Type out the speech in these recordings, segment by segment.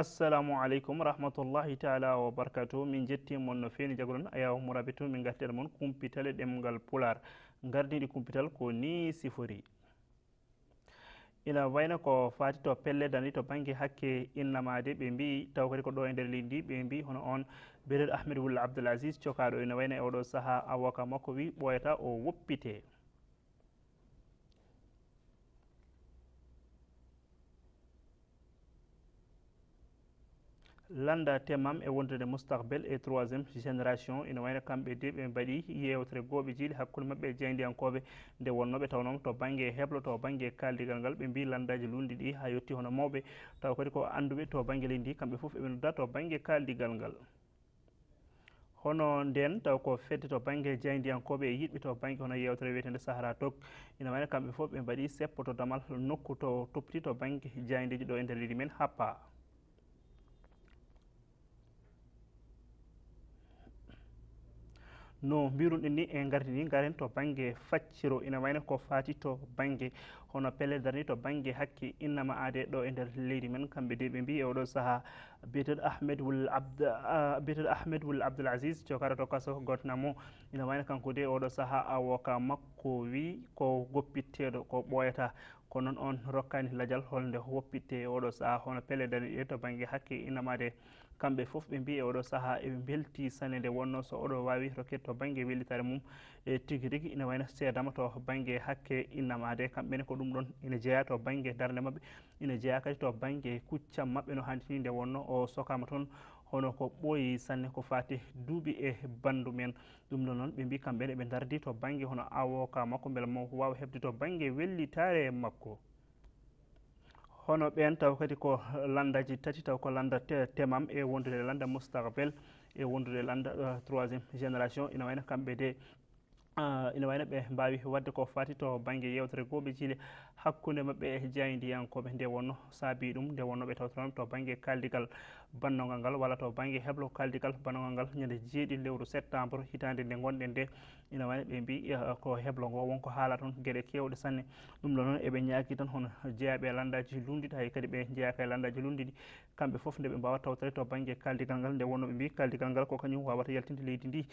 assalamu aleykum rahmatullahi taala wabarkatu min jettimon no feewni jagoɗon a yaw muraɓe to min gartere moon kumpital e ɗemgal pular gardiɗi kumpital ko ni sifori ina wayna ko fati to pelle dani to banggue hakke innamade ɓe mbi taw kadi ko ɗo e nder leydi ndi ɓe mbi hono on beded ahmed wulla abdoul asis cokaɗo ina wayna e oɗo saaha awoka makko wi ɓoyata o woppite landa temam e wondude moustakbel e troisiéme génération ina wayno kamɓe de ɓe mbaɗi yewtere gooɓe jiili hakkude maɓɓe e jeyndiyankoɓe nde wonnoɓe tawnoma to banggue heblo to banggue kaldigal ngal ɓe mbi landaji lundi ɗi ha yetti hono mawɓe taw kadi ko anduɓe to banggue leydi kamɓe foof eɓe nodda to banggue kaldigal ngal hono nden taw ko fedde to banggue jeyndiyankoɓe e yiɗɓe to banggue hono yewtere wiyetende sahara tok ina wayno kamɓe foof ɓe mbaɗi seppo to damal nokku to toppiti to banggue jeyndeji ɗo e nder leydi men happa no mbiruɗen ni en gardini garen to bange facciro ina wayno ko fati to bange hono pelledar ni to bange hakke innama aade ɗo e nder leydi men kamɓe de ɓe mbi e oɗo saaha biyeteɗo ahmed wul abd biyeteɗo ahmed wul abdoul asis cokara to kaso mo ina wayno kanko de oɗo saaha awoka makko wi ko goppitteɗo ko ɓoyata kono noon on rokkani ladial holde woppitte oɗo saaha hono pelle dane ɗe to banggue hakke innamade kamɓe foof ɓe mbi e oɗo saaha eɓe belti sane nde wonno so oɗo wawi rokkede to banggue wellitare mum e tigui rigui ina wayno sedama to banggue hakke innamade kamɓene ko ɗum ɗon ina jeeya to banggue darde mabɓe ina jeeya kadi to banggue kuccam mabɓe no hanndini nde wonno o sokama toon hono ko ɓooyi sanne ko fati duuɓi e bandu men ɗum ɗo noon ɓe mbi kamɓene ɓe dardi to banggue hono awoka makko beele mo wawa hebde to banggue wellitare makko hono ɓen taw kadi ko landaji tati taw ko landa temam e wondude e landa moustarbel e wondude e landa euh, troisiéme génération ina wayno kamɓe de euh, ina wayno ɓe mbawi wadde ko fati to banggue yewtere gooɓe jiile hakkunde maɓɓe e jayndiyankoɓe nde wonno saabi ɗum nde wonno ɓe tawtoran to banggue kaldigal bannogal ngal walla to banggue heblo kaldigal bannogal ngal ñande jeeɗi lewru septembre hitande nde gonɗen nde ina wani ɓe mbi eh, ko heblo ngo wonko haala toon gueɗe kewɗe sanne ɗum ɗo noon eɓe ñaagui tan hono jeeyaɓe e landaji lundiɗi hay kadi ɓe jeeyaka e landaji lundiɗi kamɓe foof nde ɓe mbawa tawtade to banggue kaldigal ngal nde wonno mbi kaldigal ngal ko kañum wawata yaltinde leydi ndi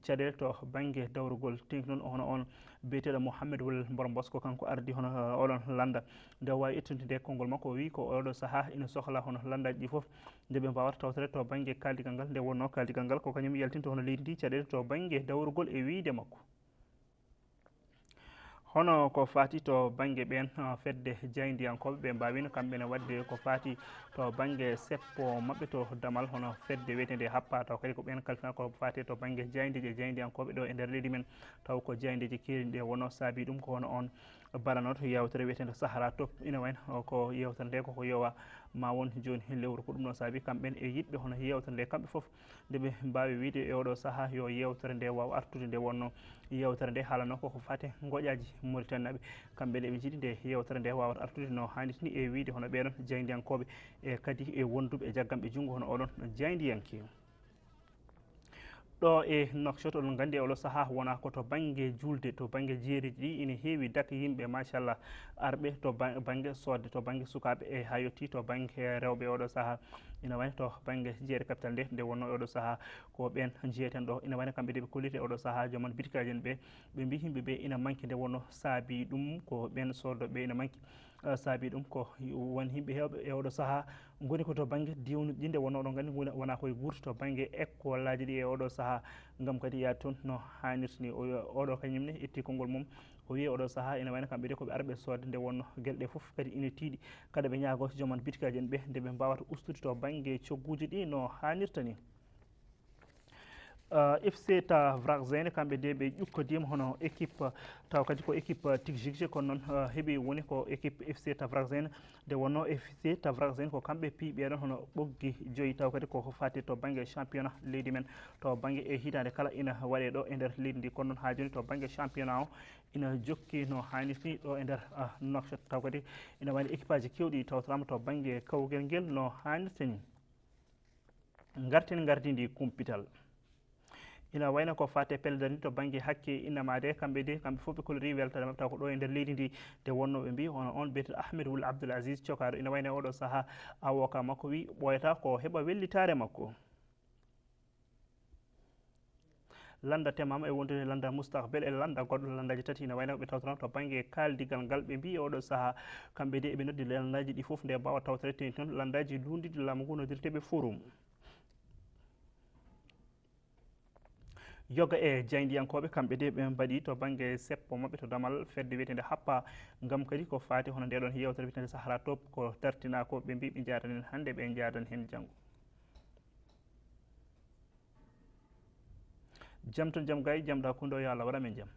caɗele to banggue dawrugol tenki noon hono on biyeteɗo mouhamed wol mboro bosko kanko ardi hono eh, oɗon oɗon landa nde wawi ittintude konngol makko o wi ko oɗo saaha ina sohla hono landaji ɗi foof nde ɓe mbawata tawtere to banggue kaldigal ngal nde wonno kaldigal ngal ko kañum yaltinta hono leydi ndi caɗele to banggue dawrugol e wiide makko hono ko fati to banggue ɓen ah, fedde jeyndiyankoɓe ɓe mbawino kamɓe ne wadde ko fati to banggue seppo mabɓe to damal hono fedde wiyetende happa taw kadi ko ɓen kalfina ko fati to banggue jeyndeji e jeyndiyankoɓe ɗo e nder leydi men taw ko jeyndeji keeriɗe wono saabi ɗum ko hono on baranoɗo yewtere wiyetede sahara top ina wayno ko yewtere nde koko yowa ma won joni lewru ko ɗum noon saabi kamɓen e yiɗɓe hono yewtere nde kamɓe foof ndeɓe mbawi wiide e oɗo saaha yo yewtere nde wawa artude nde wonno yewtere nde haalano koko fate goƴaji maritanaɓe kamɓe ɗeɓe jiiɗi nde yewtere nde wawata artude no hannit ni e wiide hono ɓeɗon jeyndiyankoɓe e kadi e wonduɓe e jaggam e junggo hono oɗon jeyndiyanke ɗo e nokshot oɗon gandi e oɗo saaha wona ko to banggue julde to banggue jeeriji ɗi ina heewi daka yimɓe machallah arɓe to banggue sodde to banggue sukaɓe e ha yetti to banggue rewɓe e oɗo saaha ina wayno to banggue jeere capital nde nde wonno e oɗo saaha ko ɓen jeyeten ɗo ina wayno kamɓe deɓe kollite e oɗo saaha jooman bitikaji en ɓe ɓe mbi yimɓeɓe ina manque nde wonno saabi ɗum ko ɓen soldoɓe ina manque ah, saabi ɗum ko won yimɓe hewɓe e oɗo saaha goni ko to banggue diwnuɗi ɗi nde wonno oɗon gandi wona koye guurti to banggue école aji ɗi e oɗo saaha gam kadi yaade toon no hannirta ni oɗo kañumne itti konngol mum ko wiye oɗo saaha ene wayno kamɓe ɗe koɓe arɓe soodde nde wonno gueɗe ɗe foof kadi ine tiiɗi kadi ɓe ñaagoto jooman bitkaji en ɓe nde ɓe mbawata ustude to banggue cogguji ɗi no hannirta ni uh, fct vrag zene kamɓe de ɓe ƴukkodima hono équipe taw kadi ko équipe tigjigje kono noon euh, heeɓi woni ko équipe fct vrag zene nde wonno fct vrag zene ko kamɓe pi ɓeɗon hono ɓoggi joyyi taw kadi koko fati to banggue championnat leydi men to banggue e hitande kala ina waɗe ɗo e nder leydi ndi kono noon ha joni to banggue championnat o ina jokki no hannirni ɗo e nder uh, nokshat taw kadi ina wani équipe aji kewɗi tawtorama to banggue kawgel nguel no hannirta ni gartin gardi ndi kumpital ina wayno ko fate pellidal ni to banggue hakke innama de kamɓe de kamɓe foof ɓe kolori weltaɗa mabɓe taw ko ɗo e nder leydi ndi nde wonno ɓe mbi hono on biyete ahmed wul abdoul asis cokaro ina wayno oɗo saaha awoka makko wi ɓoyata ko heɓa wellitare makko landa temama e wondude landa moustakbel e landa goɗɗo landaji tati ina wayno koɓe tawtoran to banggue kaldigal ngal ɓe mbi e oɗo saaha kamɓe de eɓe noddi landaji ɗi foof nde mbawa tawtoreteni toon landaji lundidi laamu ngu nodirteɓe forum mm -hmm. yoga e jeyndiyankoɓe kamɓe de ɓe mbaɗi to banggue seppo mabɓe to damal fedde wiyetede happa gam kadi ko fati hono nde ɗon yewtere wiyetede sahara top ko tartina ko ɓe mbi ɓe jadan hen hande ɓe jadan hen janggo jaam toon jaam gay jamɗa kunde o yo allah waɗa men jaam